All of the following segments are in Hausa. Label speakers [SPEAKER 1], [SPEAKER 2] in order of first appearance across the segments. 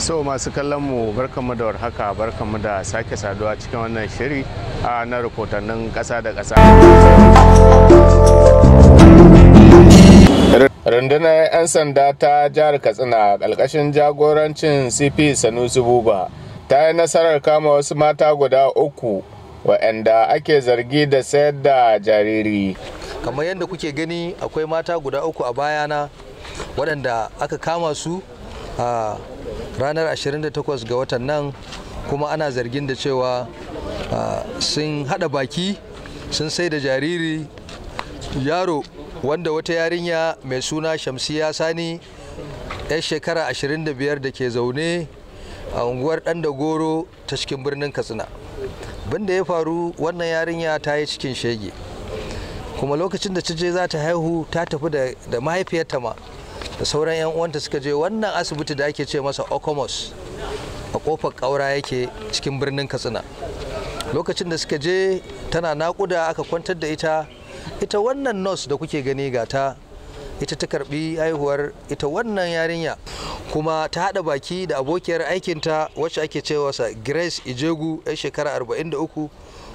[SPEAKER 1] so masu kallon mu barkanmu da warhaka barkanmu da sake saduwa cikin wannan shiri a na rahotannin kasa da kasa. rundunar 'yan sanda ta jihar katsina ƙarƙashin jagorancin cp sanusi buba ta yi nasarar kama wasu mata guda uku wa'anda ake zargi da sayar da jariri
[SPEAKER 2] kamar yadda kuke gani akwai mata guda uku a bayana waɗanda aka kama su ranar 28 ga watan nan kuma ana zargin da cewa sun hada baki sun sai da jariri yaro wanda wata yarinya mai suna shamsiya sani 'yar shekara 25 da ke zaune a unguwar dan da goro ta cikin birnin katsina binda ya faru wannan yarinya ta yi cikin shege kuma lokacin da ta je za ta haihu ta tafi da mahaifiyarta ma da sauran yan uwanta suka je wannan asibiti da ake ce masa okomos a kofar kaura yake cikin birnin katsina lokacin da suka je tana nakuda aka kwantar da ita ita wannan nurse da kuke gani ga ta ita ta karbi haihuwar ita wannan yarinya kuma ta hada baki da abokiyar aikinta wacce ake cewa sa grace ijegu yar shekara 43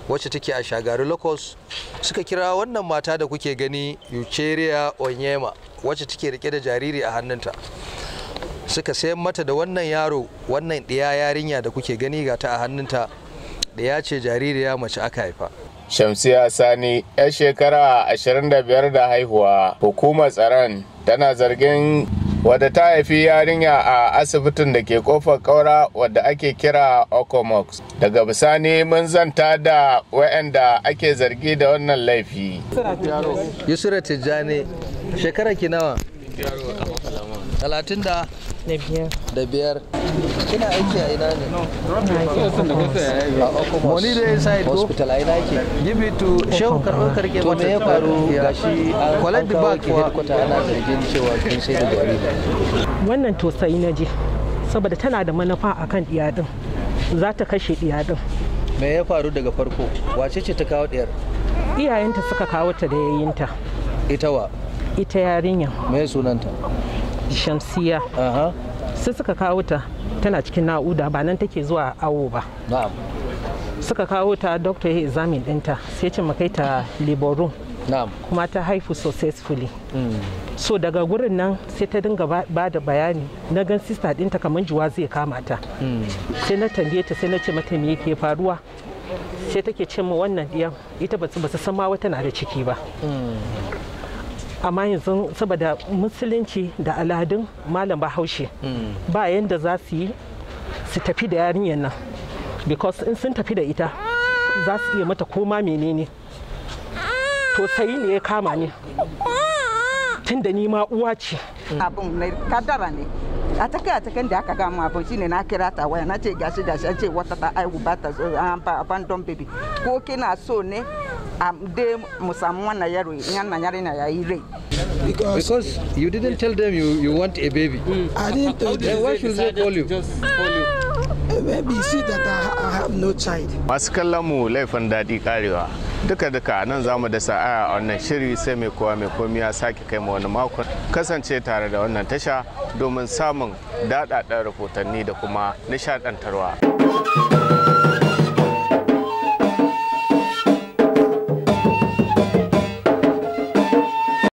[SPEAKER 2] wacce take a shagari lokos suka kira wannan mata da kuke gani yuceria onyema wacce take rike da jariri a hannunta suka sayan mata da wannan yaro wannan ɗiya yarinya da kuke gani ga ta
[SPEAKER 1] a hannunta da ya ce jaririya mace aka haifa shamsiya sani 'yar shekara 25 da haihuwa hukumar tsaron tana zargin wadda ta haifi yarinya a asibitin da ke kofar kaura wadda ake kira okomox daga bisani mun zanta da waanda ake zargi da wannan laifi yusura tijjani shekara ki nawa
[SPEAKER 2] Da biyar. Da biyar. Kina aiki a ina ne? a a Moni da ya sa Hospital a ina ke. Gibi to shehu karɓar karke To me ya faru shi an kwalar da ba kuwa. Ana zargin cewa kun sai da jari
[SPEAKER 3] Wannan tosai na je. Saboda tana da manufa a kan iyadin. Za ta kashe iyadin.
[SPEAKER 2] Me ya faru daga farko? Wace ce ta kawo ɗiyar?
[SPEAKER 3] Iyayenta suka kawo ta da yayinta. Ita wa? Ita yarinya. Me sunanta? shamsiya sai suka kawo ta tana cikin na'uda ba nan take zuwa awo ba suka kawo ta doctor ya examine dinta sai ce makai ta labor kuma ta haifu successfully mm. so daga gurin nan sai ta dinga ba da bayani na gan sista dinta kamar juwa zai kama ta mm. sai na tambaye ta sai na ce mata me yake faruwa sai take ce wannan diyan ita ba su san ma wata na da ciki ba mm. amma yanzu saboda musulunci da aladun malam bahaushe ba yanda za su yi su tafi da yarinyar nan because in sun tafi da ita za su iya mata koma menene to sai ne ya kama ni tun da ni ma uwa ce abin kadara ne a ta kai a takan da aka gama abin shine na kira ta waya na ce gashi gashi an ce wata ta aihu ba ta abandon baby ko kina so ne a de musamman wannan yaro yana yare na yayi rai
[SPEAKER 2] Because, because you didn't tell them you, you want a
[SPEAKER 1] baby.
[SPEAKER 3] I didn't tell them. Eh, why should they Just call you. maybe see that I,
[SPEAKER 1] have no child. Masu kallon mu laifin daɗi karewa. Duka-duka nan za mu da sa'a a wannan shiri sai mai kowa mai komi ya sake kai ma wani makon kasance tare da wannan tasha domin samun daɗaɗɗen rahotanni da kuma nishaɗantarwa.